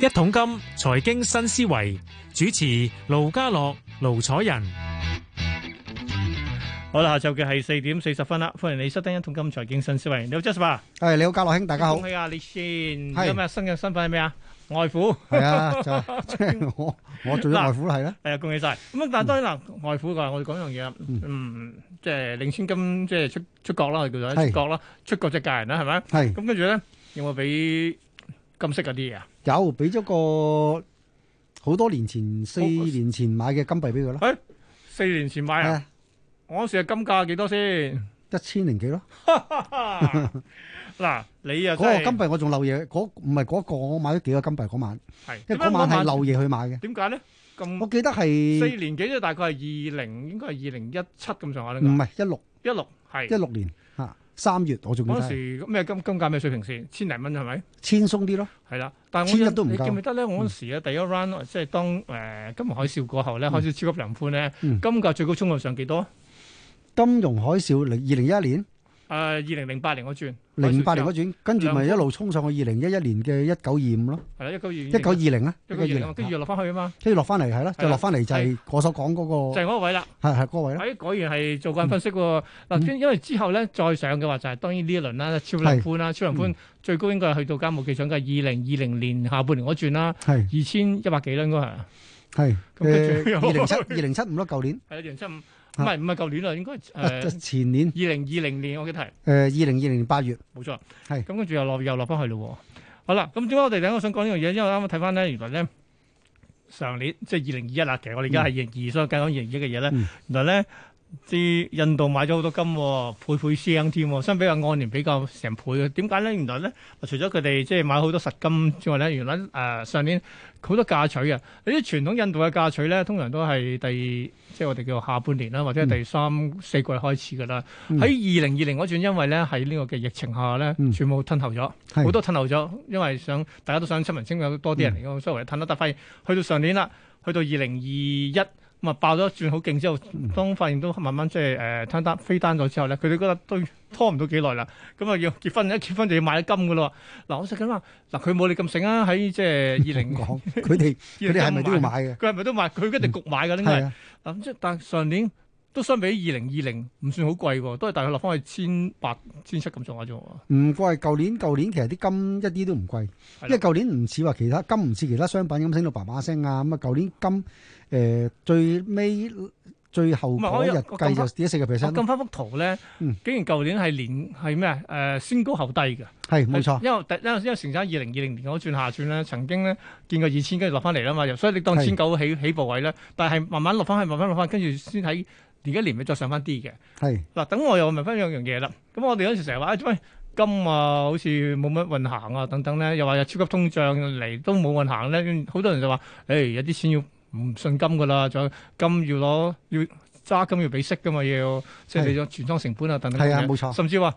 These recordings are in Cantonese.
一桶金財經新思維主持盧家樂、盧楚仁，好啦，下晝嘅係四點四十分啦，歡迎你收聽一桶金財經新思維。你好，Joseph 啊，係你好，家樂兄，大家好，恭喜啊，你先，今日新嘅身份係咩啊？外父係啊，即係我，我做外父啦，係啦，係恭喜晒。咁但係當然啦，外父嘅話我哋講樣嘢啦，嗯，即係領先金，即係出出閣啦，叫做出閣啦，出閣即係嫁人啦，係咪啊？係。咁跟住咧，有冇俾？金色嗰啲嘢啊，有俾咗個好多年前四年前買嘅金幣俾佢咯。誒，四年前買啊，我嗰時嘅金價幾多先？一千零幾咯。嗱，你呀嗰個金幣我仲漏嘢，嗰唔係嗰個我買咗幾個金幣嗰晚，係因為嗰晚係漏嘢去買嘅。點解咧？咁我記得係四年幾即係大概係二零，應該係二零一七咁上下啦。唔係一六，一六係一六年。三月我仲嗰時咩金金價咩水平先千零蚊係咪？千鬆啲咯，係啦，但係我千一都唔夠。你記唔記得咧？我嗰時啊，第一 round o d 即係當誒金融海嘯過後咧，開始超級量寬咧，嗯、金價最高衝到上幾多、嗯？金融海嘯零二零一一年。誒二零零八年嗰轉，零八年嗰轉，跟住咪一路衝上去二零一一年嘅一九二五咯，係啦一九二一九二零啊，一九二零，跟住落翻去啊嘛，跟住落翻嚟係咯，就落翻嚟就係我所講嗰個，就係嗰個位啦，係係嗰個位啦。誒果然係做緊分析嗰個，嗱，因因為之後咧再上嘅話就係當然呢一輪啦，超人潘啦，超人潘最高應該係去到加冇計上嘅二零二零年下半年嗰轉啦，係二千一百幾啦應該係，係咁跟住二零七二零七五咯舊年，係啦二零七五。唔係唔係舊年啦，年應該誒、呃、前年二零二零年我記得係誒二零二零年八月，冇錯係。咁是跟住又落又落翻去咯、哦。好啦，咁點解我哋第一個想講呢樣嘢？因為啱啱睇翻咧，原來咧上年即係二零二一啦。其實我哋而家係二零二，所以講二零二一嘅嘢咧，嗯、原來咧。知印度買咗好多金、哦，倍倍聲添、哦，相比較按年比較成倍嘅。點解咧？原來咧，除咗佢哋即係買好多實金之外咧，原來誒、呃、上年好多嫁娶啊。嘅。啲傳統印度嘅嫁娶咧，通常都係第即係我哋叫下半年啦，或者係第三、嗯、四季開始㗎啦。喺二零二零嗰轉，因為咧喺呢個嘅疫情下咧，全部吞喉咗，好、嗯、多吞喉咗，的因為想大家都想親民，香港多啲人嚟嘅，所以為吞得，但發現去到上年啦，去到二零二一。咁咪爆咗，轉好勁之後，當發現都慢慢即係誒攤單飛單咗之後咧，佢哋覺得都拖唔到幾耐啦，咁啊要結婚，一結婚就要買一金噶啦。嗱，我識噶嘛，嗱佢冇你咁醒啊，喺即係二零港，佢哋佢哋係咪都要買嘅？佢係咪都買？佢一定焗買噶呢？係、嗯，咁即係但係上年。都相比二零二零唔算好貴喎，都係大概落翻去千八千七咁上下啫。唔貴，舊年舊年其實啲金一啲都唔貴，的因為舊年唔似話其他金唔似其他商品咁升到爸爸聲啊。咁啊舊年金誒最尾最後嗰日計就跌咗四個 percent。我撳翻幅圖咧，嗯、竟然舊年係年係咩誒先高後低嘅，係冇錯因。因為因為因為成日二零二零年嗰轉下轉咧，曾經咧見過二千，跟住落翻嚟啦嘛。所以你當千九起起步位咧，但係慢慢落翻去，慢慢落翻去，跟住先喺。而家年尾再上翻啲嘅，係嗱是，等我又問翻兩樣嘢啦。咁我哋嗰時成日話，哎、做咩金啊，好似冇乜運行啊，等等咧，又話有超級通脹嚟都冇運行咧，好多人就話，誒、哎、有啲錢要唔信金噶啦，仲有金要攞要揸金要俾息噶嘛，要即係俾咗全倉成本啊等等，等，等，係啊，冇錯，甚至話。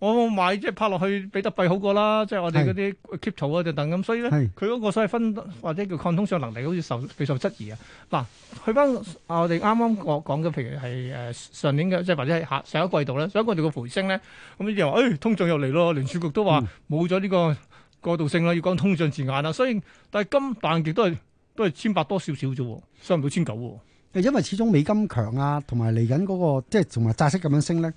我買即係拍落去比特幣好過啦，即係我哋嗰啲 keep 儲啊等等咁，所以咧佢嗰個所謂分或者叫抗通脹能力好似受備受質疑啊。嗱，去翻啊我哋啱啱講講嘅，譬如係誒上年嘅，即係或者係下上一季度咧，上一個季度嘅回升咧，咁啲人話誒通脹又嚟咯，聯儲局都話冇咗呢個過渡性啦，要講通脹字眼啦，所以但係金但係亦都係都係千八多少少啫喎，上唔到千九喎。因為始終美金強啊，同埋嚟緊嗰個即係同埋債息咁樣升咧，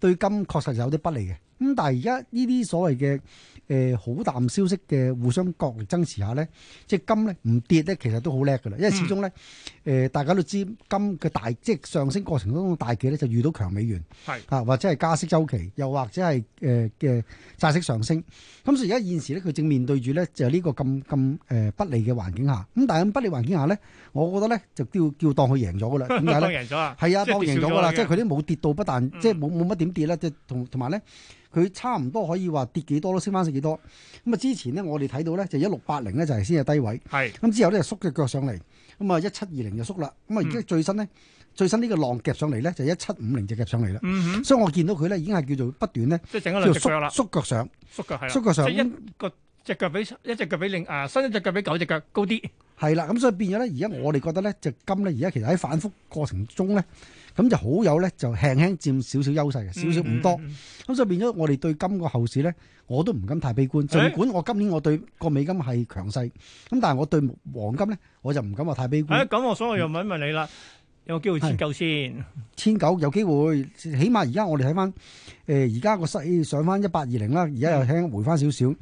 對金確實有啲不利嘅。咁但係而家呢啲所謂嘅誒、呃、好淡消息嘅互相角力爭持下咧，即係金咧唔跌咧，其實都好叻㗎喇，因為始終咧。嗯誒、呃，大家都知金嘅大，即係上升過程當中大忌咧，就遇到強美元，係啊，或者係加息周期，又或者係誒嘅債息上升。咁、啊啊、所以而家現時咧，佢正面對住咧就係呢、這個咁咁誒不利嘅環境下。咁但係咁不利環境下咧，我覺得咧就叫叫當佢贏咗噶啦，點解咧？係 了啊，當贏咗噶啦，即係佢啲冇跌到不但，即係冇冇乜點跌啦，即係同同埋咧，佢差唔多可以話跌幾多都升翻曬幾多。咁啊，之前咧我哋睇到咧就一六八零咧就係先係低位，係咁的的之後咧縮嘅腳上嚟。Uh 咁啊，一七二零就縮啦，咁啊，而家最新呢，嗯、最新呢個浪夾上嚟咧，就一七五零就夾上嚟啦。嗯、哼所以我見到佢咧，已經係叫做不斷咧，整縮啦，縮腳上，縮腳係啦，縮腳上。即隻腳比一隻腳比另啊，伸一隻腳比九隻腳高啲。係啦，咁所以變咗咧，而家我哋覺得咧，隻金咧，而家其實喺反覆過程中咧，咁就好有咧，就輕輕佔少少優勢嘅，少少唔多。咁所以變咗，我哋對金個後市咧，我都唔敢太悲觀。儘管我今年我對個美金係強勢，咁但係我對黃金咧，我就唔敢話太悲觀。係，咁我所以我又問問你啦。有冇機會千九先？千九有機會，起碼而家我哋睇翻，誒而家個勢上翻一八二零啦，而家又輕回翻少少。咁、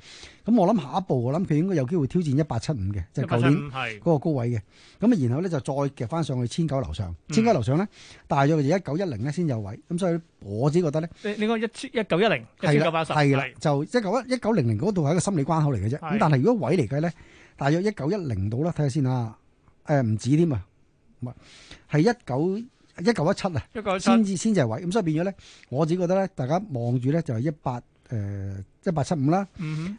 嗯、我諗下一步，我諗佢應該有機會挑戰一八七五嘅，即係舊年嗰個高位嘅。咁啊，然後咧就再夾翻上去千九樓上，千九樓上咧，大約就一九一零咧先有位。咁所以，我自己覺得咧，你講一七一九一零係九八係啦，就一九一九零零嗰度係一個心理關口嚟嘅啫。咁是但係如果位嚟計咧，大約一九一零度啦，睇下先啊，誒、呃、唔、呃、止添啊。係一九一九一七啊，先至先至係位，咁所以變咗咧，我自己覺得咧，大家望住咧就係一八。誒一八七五啦，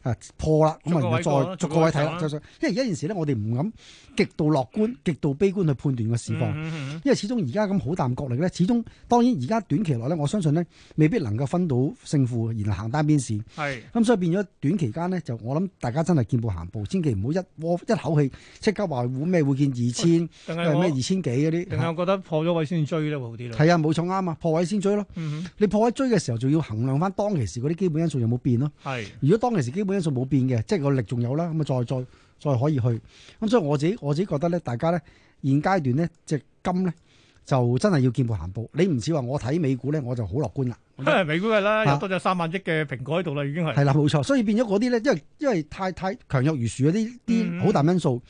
誒破啦，咁啊再逐個位睇啦，因為而家件事咧，我哋唔敢極度樂觀、極度悲觀去判斷個市況，因為始終而家咁好淡角力咧，始終當然而家短期內咧，我相信咧未必能夠分到勝負，然後行單邊市。係，咁所以變咗短期間咧，就我諗大家真係見步行步，千祈唔好一鍋一口氣即刻話會咩會見二千，因為咩二千幾嗰啲。定係我覺得破咗位先追咧會好啲咯？係啊，冇錯啱啊，破位先追咯。你破位追嘅時候，就要衡量翻當其時嗰啲基本因素有冇變咯？係，如果當其時基本因素冇變嘅，是即係個力仲有啦，咁啊再再再可以去。咁、嗯、所以我自己我自己覺得咧，大家咧現階段咧隻金咧就真係要見步行步。你唔似話我睇美股咧，我就好樂觀啦。美國嘅啦，有多隻三萬億嘅蘋果喺度啦，已經係係啦，冇錯，所以變咗嗰啲咧，因為因為太太強弱如樹啊，啲啲好大因素。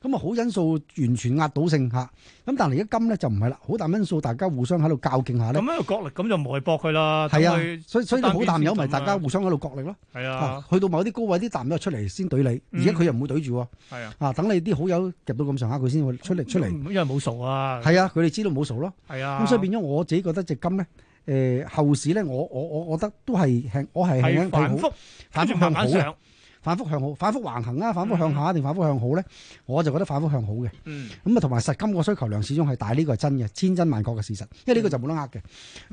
咁啊，好因素完全壓倒性吓。咁但係而家金咧就唔係啦，好大因素，大家互相喺度較勁下咧。咁樣個角力，咁就唔好去搏佢啦。係啊，所以所以好淡友咪大家互相喺度角力咯。係啊，去到某啲高位，啲淡友出嚟先懟你，而家佢又唔會懟住。係啊，啊等你啲好友入到咁上下，佢先會出嚟出嚟。因為冇熟啊。係啊，佢哋知道冇熟咯。係啊，咁所以變咗我自己覺得隻金咧。誒、呃，後市咧，我我我我覺得都係向，我係向、嗯嗯、向好，反覆反覆向好啊！反覆向好，反覆橫行啊！反覆向下定反覆向好咧？我就覺得反覆向好嘅。嗯，咁啊，同埋實金個需求量始終係大，呢個係真嘅，千真萬確嘅事實。因為呢個就冇得呃嘅。嗱、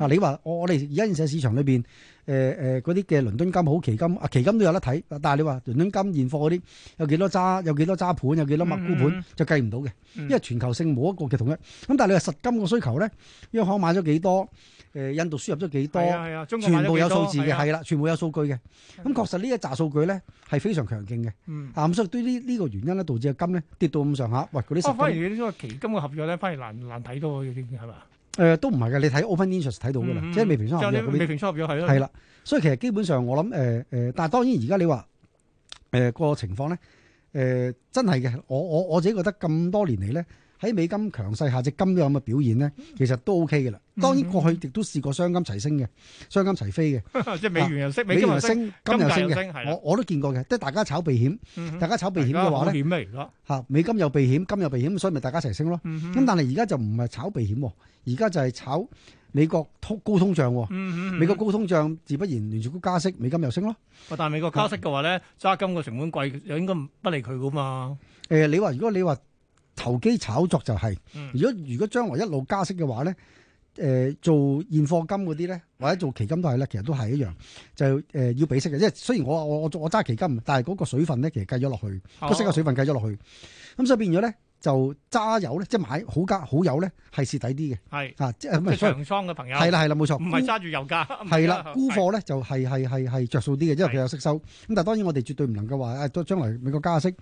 嗯，你話我我哋而家現時市場裏邊，誒誒嗰啲嘅倫敦金好期金啊，期金都有得睇。但係你話倫敦金現貨嗰啲有幾多揸？有幾多揸盤？有幾多乜沽盤？嗯嗯嗯、就計唔到嘅。因為全球性冇一個嘅統一。咁、嗯、但係你話實金個需求咧，央行買咗幾多、嗯？爭誒，印度輸入咗幾多？全部有數字嘅，係啦，全部有數據嘅。咁確實呢一紮數據咧係非常強勁嘅。嗯。啊，咁所以對呢呢個原因咧，導致個金咧跌到咁上下。喂，嗰啲十。反而呢啲期金嘅合約咧，反而難難睇到嘅，係嘛？誒，都唔係嘅。你睇 Open Interest 睇到嘅啦，即係未平倉合約未平倉合約係咯。係啦，所以其實基本上我諗誒誒，但係當然而家你話誒個情況咧，誒真係嘅。我我我自己覺得咁多年嚟咧。喺美金強勢下，隻金有冇表現咧？其實都 O K 嘅啦。嗯、哼當然過去亦都試過雙金齊升嘅，雙金齊飛嘅，即係 美元又升，美元又升，金又升嘅。升我我都見過嘅，即係大家炒避險，嗯、哼大家炒避險嘅話咧，嚇、嗯、哼美金又避險，金又避險，所以咪大家一齊升咯。咁、嗯、哼但係而家就唔係炒避險，而家就係炒美國高通脹。嗯、哼美國高通脹自不然聯儲局加息，美金又升咯。嗯、哼但係美國加息嘅話咧，揸金個成本貴，又應該不利佢噶嘛？誒、嗯，你、呃、話如果你話。投機炒作就係、是，如果如果將來一路加息嘅話咧，誒、呃、做現貨金嗰啲咧，或者做期金都係咧，其實都係一樣，就誒、是呃、要俾息嘅，即係雖然我我我我揸期金，但係嗰個水分咧其實計咗落去，都、哦、息嘅水分計咗落去，咁所以變咗咧。就揸油咧，即係買好價好油咧，係蝕底啲嘅係啊，即係長倉嘅朋友係啦係啦，冇錯，唔係揸住油價係啦，沽貨咧就係係係係着數啲嘅，因為佢有息收咁。但係當然我哋絕對唔能夠話誒，都將來美國加息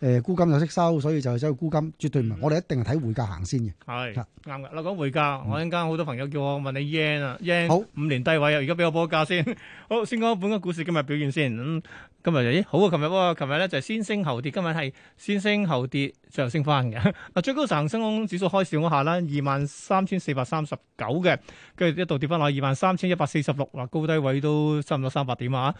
誒，沽金有息收，所以就走去沽金，絕對唔係，我哋一定係睇匯價行先嘅係啱嘅。嗱，講匯價，我一陣間好多朋友叫我問你 yen 啊 yen 好五年低位啊，而家俾我報個價先。好，先講本港股市今日表現先咁。今日就咦好啊，琴日喎，琴日咧就先升後跌，今日係先升後跌。上升翻嘅，嗱最高上升空指數開市嗰下啦，二萬三千四百三十九嘅，跟住一度跌翻落二萬三千一百四十六，話高低位都差唔多三百點啊，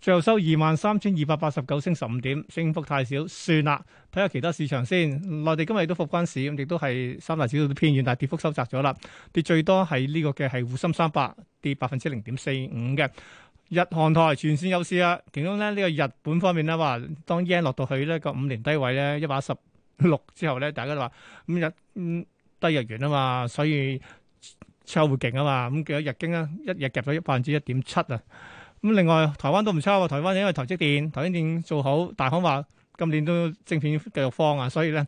最後收二萬三千二百八十九，升十五點，升幅太少，算啦，睇下其他市場先。內地今日都復關市，咁亦都係三大指數都偏軟，但係跌幅收窄咗啦，跌最多係呢個嘅係滬深三百跌百分之零點四五嘅。日韓台全線有市啊，其中咧，呢、這個日本方面咧話，當 yen 落到去呢個五年低位咧一百一十。六之後咧，大家都話咁日低日元啊嘛，所以出口會勁啊嘛。咁、嗯、多日經咧，一日夾咗一百分之一點七啊。咁、嗯、另外台灣都唔差喎，台灣因為台積電、台積電做好，大行話今年都正片繼續放啊，所以咧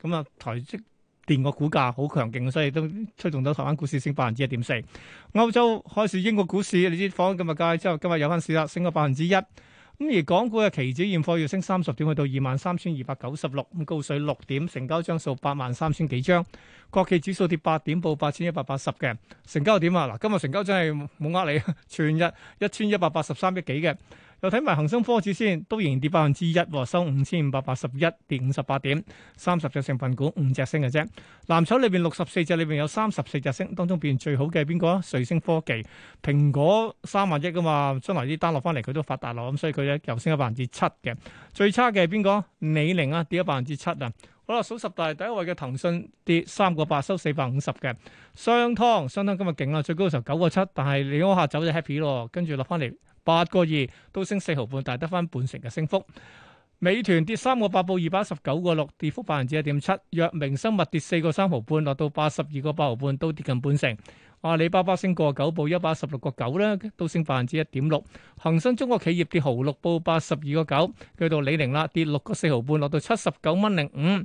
咁啊，台積電個股價好強勁，所以都推動到台灣股市升百分之一點四。歐洲開始英國股市，你知放咗今日假之後，今日有翻市啦，升咗百分之一。咁而港股嘅期指現貨要升三十點去到二萬三千二百九十六，咁高水六點，成交張數八萬三千幾張。國企指數跌八點，報八千一百八十嘅，成交點啊！嗱，今日成交真係冇呃你，全日一千一百八十三億幾嘅。又睇埋恒生科指先，都仍然跌百分之一，收五千五百八十一，跌五十八點，三十隻成分股五隻升嘅啫。藍籌裏邊六十四隻裏邊有三十四隻升，當中表現最好嘅係邊個？瑞聲科技、蘋果三萬億噶嘛，將來啲單落翻嚟佢都發達咯，咁所以佢咧又升咗百分之七嘅。最差嘅係邊個？李寧啊，跌咗百分之七啊。好啦，數十大第一位嘅騰訊跌三個八，收四百五十嘅。商湯商湯今日勁啦，最高嘅時候九個七，但係你嗰下走就 happy 咯，跟住落翻嚟，八個二，都升四毫半，但係得翻半成嘅升幅。美團跌三個八，報二百一十九個六，跌幅百分之一點七。藥明生物跌四個三毫半，落到八十二個八毫半，都跌近半成。阿、啊、里巴巴升過九，報一百十六個九咧，都升百分之一點六。恒生中國企業跌毫六，報八十二個九，去到李寧啦，跌六個四毫半，落到七十九蚊零五。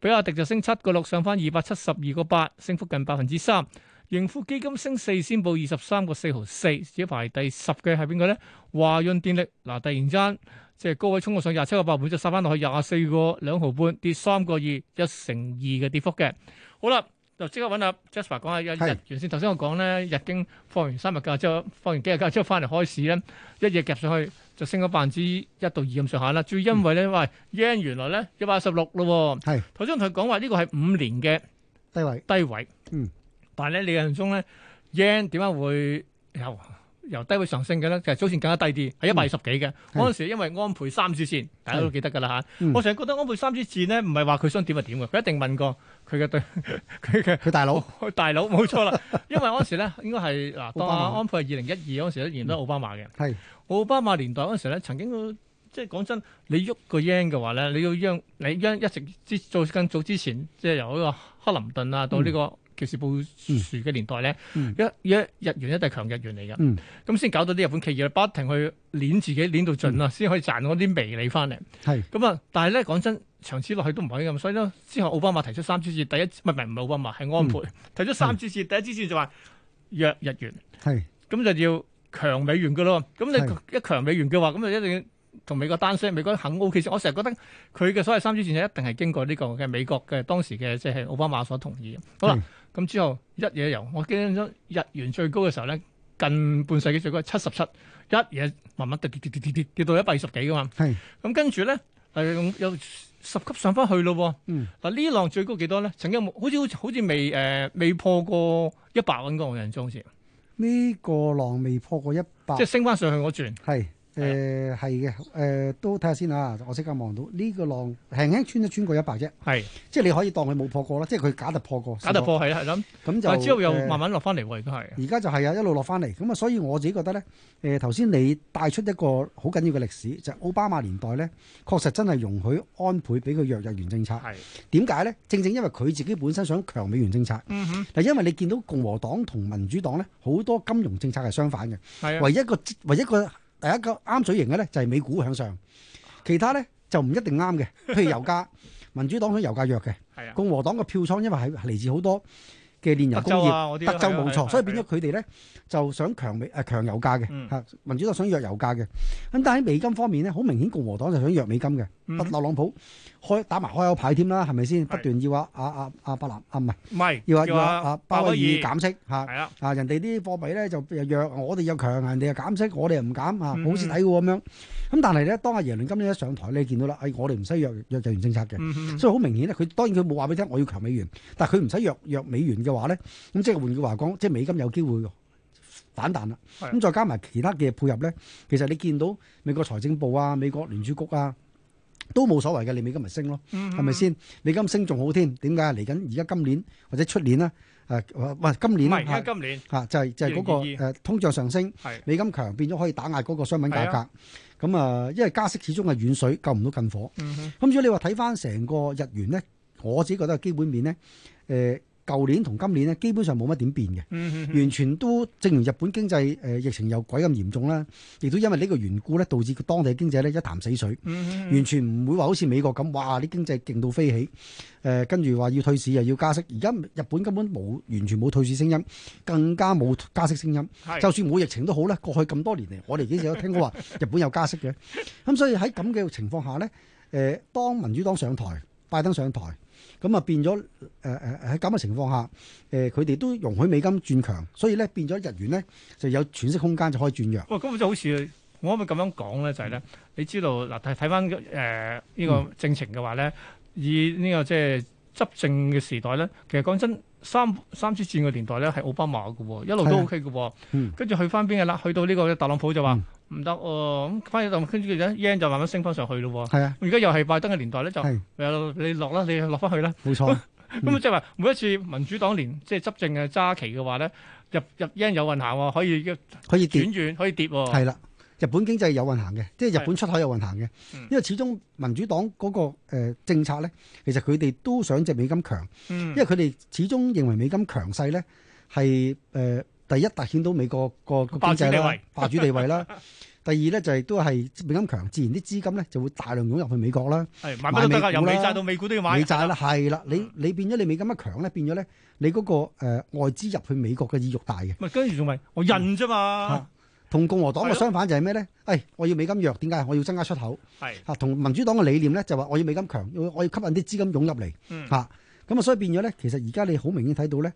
比亞迪就升七個六，上翻二百七十二個八，升幅近百分之三。盈富基金升四仙，報二十三個四毫四。隻排第十嘅係邊個咧？華潤電力嗱、啊，突然間即係高位衝過上 5, 到上廿七個八，然之後殺翻落去廿四個兩毫半，跌三個二，一成二嘅跌幅嘅。好啦。就即刻揾阿 Jasper 講下，日圓先頭先我講咧，日經放完三日假，之後放完幾日假，之後翻嚟開市咧，一夜夾上去就升咗百分之一到二咁上下啦。最因為咧，喂 yen 原來咧一百一十六咯，頭先同佢講話呢個係五年嘅低位，低位。嗯，但係咧，你眼中咧 yen 點解會後？由低位上升嘅咧，其、就、係、是、早前更加低啲，係一百二十幾嘅。嗰陣、嗯、時因為安倍三支箭，是大家都記得嘅啦嚇。嗯、我成日覺得安倍三支箭咧，唔係話佢想點就點嘅，佢一定問過佢嘅對佢嘅佢大佬。 大佬冇錯啦，因為嗰陣時咧應該係嗱，當安倍係二零一二嗰陣時，依然都係奧巴馬嘅。係奧、嗯、巴馬年代嗰陣時咧，曾經即係講真，你喐個 yen 嘅話咧，你要 yen 你 yen 一直之早更早之前，即係由呢個克林頓啊到呢、這個。嗯《時報》樹嘅年代咧、嗯，一一日元一定係強日元嚟㗎，咁先、嗯、搞到啲日本企業不停去攣自己攣到盡啦，先、嗯、可以賺到啲微利翻嚟。係咁啊！但係咧講真，長此落去都唔可以咁，所以呢，之後奧巴馬提出三支柱，第一唔咪，唔係奧巴馬係安倍、嗯、提出三支柱，是第一支柱就話弱日元，係咁是就要強美元㗎咯。咁你一強美元嘅話，咁就一定要。同美國單聲，美國肯 O K，我成日覺得佢嘅所謂三支戰車一定係經過呢個嘅美國嘅當時嘅即係奧巴馬所同意。好啦，咁是之後一嘢由我記憶中日元最高嘅時候咧，近半世紀最高係七十七，一嘢慢慢跌跌跌跌跌跌跌到一百二十幾噶嘛。係是。咁跟住咧，又又十級上翻去咯。嗯。嗱呢浪最高幾多咧？曾經好似好似未誒未破過一百喎，我印象中先。呢個浪未破過一百。即係升翻上去嗰轉。係。誒係嘅，誒、呃呃、都睇下先啊！我即刻望到呢、這個浪輕輕穿一穿過一百啫，係的即係你可以當佢冇破過啦，即係佢假突破過假突破係啦，係咁咁就之後又慢慢落翻嚟喎，而家係而家就係、是、啊，一路落翻嚟咁啊，所以我自己覺得咧，誒頭先你帶出一個好緊要嘅歷史就係、是、奧巴馬年代咧，確實真係容許安倍俾佢弱日元政策係點解咧？正正因為佢自己本身想強美元政策，嗱、嗯哼，但因為你見到共和黨同民主黨咧好多金融政策係相反嘅，係啊的的，唯一個唯一個。第一個啱水型嘅咧就係美股向上，其他咧就唔一定啱嘅。譬如油價， 民主黨想油價弱嘅， 共和黨嘅票倉因為係嚟自好多嘅煉油工業，德州冇、啊、錯，所以變咗佢哋咧就想強美誒強油價嘅吓，啊啊啊、民主黨想弱油價嘅。咁、嗯、但係喺美金方面咧，好明顯共和黨就想弱美金嘅。特朗、嗯、普打開打埋開口牌添啦，係咪先不斷要啊啊啊啊，伯南啊唔係唔係要啊要啊要啊，巴威爾，巴德爾減息嚇的啊！人哋啲貨幣咧就又弱，我哋又強，人哋又減息，我哋又唔減啊，冇蝕底咁樣。咁、啊嗯、哼但係咧，當阿耶倫今年一上台，你見到啦，哎，我哋唔使弱弱美元政策嘅，嗯、哼所以好明顯咧，佢當然佢冇話俾你聽，我要強美元，但係佢唔使弱弱美元嘅話咧，咁即係換句話講，即係美金有機會反彈啦。咁、嗯、的再加埋其他嘅配合咧，其實你見到美國財政部啊，美國聯儲局啊。都冇所謂嘅，你美金咪升咯，係咪先？美金升仲好添，點解？嚟緊而家今年或者出年啦，誒，喂，今年啦吓，呃呃，就係、是、就係、是、嗰、那個誒、啊、通脹上升，美金強變咗可以打壓嗰個商品價格，咁啊、嗯，因為加息始終係遠水，救唔到近火。咁如果你話睇翻成個日元咧，我自己覺得基本面咧，誒、呃。舊年同今年咧，基本上冇乜點變嘅，嗯、哼哼，完全都正如日本經濟誒、呃、疫情又鬼咁嚴重啦，亦都因為呢個緣故咧，導致佢當地經濟咧一潭死水，嗯、哼完全唔會話好似美國咁，哇！啲經濟勁到飛起，誒跟住話要退市又要加息，而家日本根本冇完全冇退市聲音，更加冇加息聲音。是就算冇疫情都好啦，過去咁多年嚟，我哋幾時都聽過話日本有加息嘅，咁 所以喺咁嘅情況下咧，誒、呃、當民主黨上台，拜登上台。咁啊變咗誒誒喺咁嘅情況下，誒佢哋都容許美金轉強，所以咧變咗日元咧就有喘息空間就可以轉弱。喂！咁咪就好似我可唔可以咁樣講咧，就係咧，你知道嗱睇睇翻誒呢個政情嘅話咧，以呢個即係執政嘅時代咧，其實講真三三支箭嘅年代咧係奧巴馬嘅喎，一路都 OK 嘅喎，跟住去翻邊嘅啦，去到呢個特朗普就話。唔得哦，咁翻咗嚟，跟住咧 yen 就慢慢升翻上去咯。係啊，而家又係拜登嘅年代咧，是就你落啦，你落翻去啦。冇錯，咁、嗯、啊，即係話每一次民主黨連即係執政嘅揸期嘅話咧，入入 yen 有運行喎，可以可以短遠可以跌喎。啦、哦，日本經濟有運行嘅，即係日本出口有運行嘅，的嗯、因為始終民主黨嗰個誒政策咧，其實佢哋都想隻美金強，因為佢哋始終認為美金強勢咧係誒。第一，凸顯到美國個個經濟啦、霸主地位啦。 第二咧，就係、係、都係美金強，自然啲資金咧就會大量湧入去美國啦。係買唔美，美債到美股都要買。美債啦，係啦的、嗯。你你變咗你美金一強咧，變咗咧，你嗰個外資入去美國嘅意欲大嘅。咪、嗯、跟住仲咪我印啫嘛。同、嗯、共和黨嘅相反就係咩咧？誒的、哎，我要美金弱，點解？我要增加出口。係啊的，同民主黨嘅理念咧，就話我要美金強，我要吸引啲資金湧入嚟。嗯。咁啊，所以變咗咧，其實而家你好明顯睇到咧，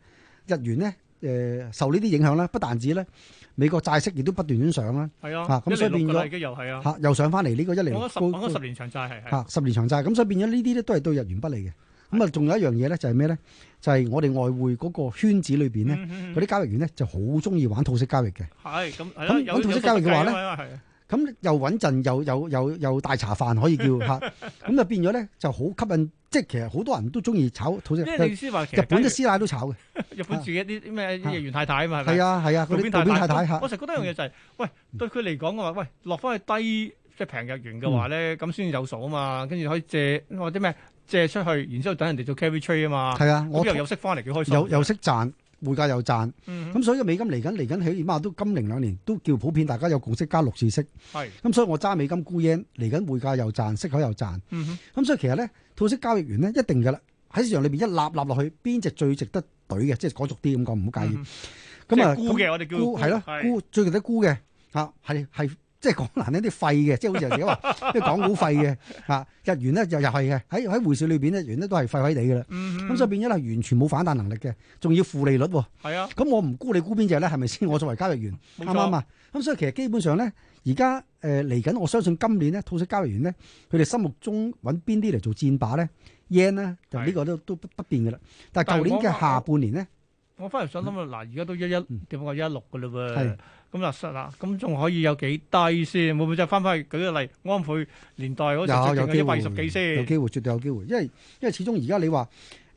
日元咧。誒受呢啲影響咧，不但止咧，美國債息亦都不斷咁上啦。係啊，咁、啊、所以變咗嚇又上翻嚟呢個一零六年嘅又係啊嚇。十年長債係嚇十年長債，咁、啊、所以變咗呢啲咧都係對日元不利嘅。咁啊的，仲有一樣嘢咧就係咩咧？就係、是、我哋外匯嗰個圈子裏邊咧，嗰啲的交易員咧就好中意玩套息交易嘅。係咁，係玩套息交易嘅話咧。咁又穩陣，又又又又大茶飯可以叫嚇，咁就變咗咧，就好吸引，即係其實好多人都中意炒土，你意思話，日本啲師奶都炒嘅，日本自己一啲咩日元太太啊嘛，係啊係啊，渡邊太太嚇，我成日覺得一樣嘢就係，喂對佢嚟講嘅話，喂落翻去低即係平日元嘅話咧，咁先有數啊嘛，跟住可以借或者咩借出去，然之後等人哋做 carry trade 啊嘛，係啊，我又又識翻嚟幾開心，又又識賺。匯價又賺，咁、嗯、哼所以美金嚟緊嚟緊起，起碼都今零兩年都叫普遍，大家有共識加六次息。係是，咁所以我揸美金沽日，嚟緊匯價又賺，息口又賺。咁、嗯、哼所以其實咧，套息交易員咧，一定噶啦，喺市場裏邊一立立落去，邊隻最值得懟嘅，即係嗰種啲咁講唔好介意。咁啊、嗯哼，沽嘅麼孤我哋叫沽係咯，沽最值得沽嘅嚇係係。即係港銀呢啲廢嘅，即係好似自己話，即係港股廢嘅，嚇日元咧又又係嘅，喺喺匯市裏邊咧，元咧都係廢廢地嘅啦。咁所以變咗咧，完全冇反彈能力嘅，仲要負利率喎。啊，咁、嗯、我唔估你估邊隻咧？係咪先？我作為交易員啱啱啊？咁錯所以其實基本上咧，而家誒嚟緊，我相信今年咧，套息交易員咧，佢哋心目中揾邊啲嚟做戰靶咧？yen 咧就呢個都都不不變嘅啦。是但係舊年嘅下半年咧。我翻嚟，想諗啊，嗱、嗯，而家都一一點講一六噶啦喎，咁嗱，實啦是，咁仲可以有幾低先？會唔會再翻翻去舉個例？安倍年代嗰陣有，有有機會，有機會，絕對有機會。因為因為始終而家你話，誒、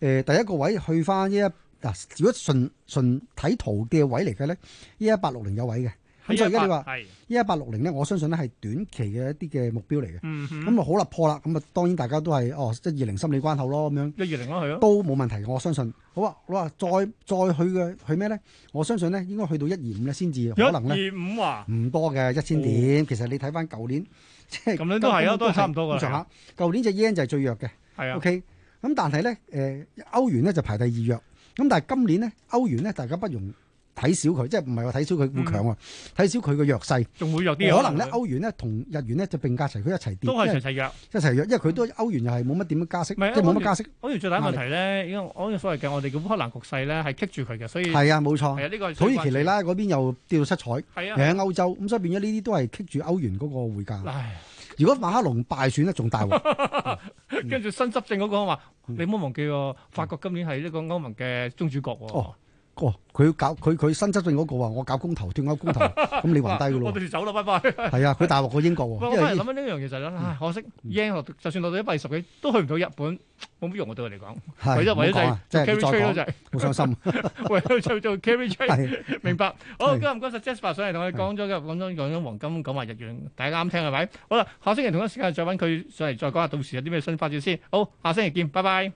呃，第一個位去翻一，嗱、啊，如果純純睇圖嘅位嚟嘅咧，依一八六零有位嘅。咁所以而家你話，一一八六零咧，我相信咧係短期嘅一啲嘅目標嚟嘅。咁啊好突破啦，咁啊當然大家都係哦一二零心理關口咯，咁樣一二零咯，係咯，都冇問題。我相信。好啊，我話再再去嘅去咩咧？我相信咧應該去到一二五咧先至可能咧。二五啊？唔多嘅一千點。其實你睇翻舊年，即係咁樣都係啊，都係差唔多嘅。咁上下。舊年隻 yen 就係最弱嘅。係啊。O K。咁但係咧，誒歐元咧就排第二弱。咁但係今年咧，歐元咧大家不容睇少佢，即係唔係話睇少佢會強啊？睇少佢個弱勢，仲會弱啲。可能咧歐元咧同日元咧就並駕齊佢一齊跌，都係齊齊弱，一齊弱，因為佢都歐元又係冇乜點樣加息，即係冇乜加息。歐元最大問題咧，因為我所謂嘅我哋嘅烏克蘭局勢咧係棘住佢嘅，所以係啊，冇錯。係啊，呢個土耳其利拉嗰邊又跌到七彩，係啊，喺歐洲咁，所以變咗呢啲都係棘住歐元嗰個匯價。如果馬克龍敗選咧，仲大鑊。跟住新執政嗰個話，你唔好忘記喎，法國今年係一個歐盟嘅宗主國喎。佢搞佢佢新執政嗰個啊，我搞公投斷咗公投，咁你還低噶咯。我到時走啦，拜拜。係啊，佢大獲過英國喎。因為諗緊呢樣其實就係可惜英就算落到一百二十幾，都去唔到日本，冇乜用我對佢嚟講。係。為咗為咗就 carry trade 好傷心。為咗做做 carry trade 明白。好，今日唔該曬 Jasper 上嚟同我哋講咗，講咗講咗黃金，講埋日元，大家啱聽係咪？好啦，下星期同一時間再揾佢上嚟再講下，到時有啲咩新發展先。好，下星期見，拜拜。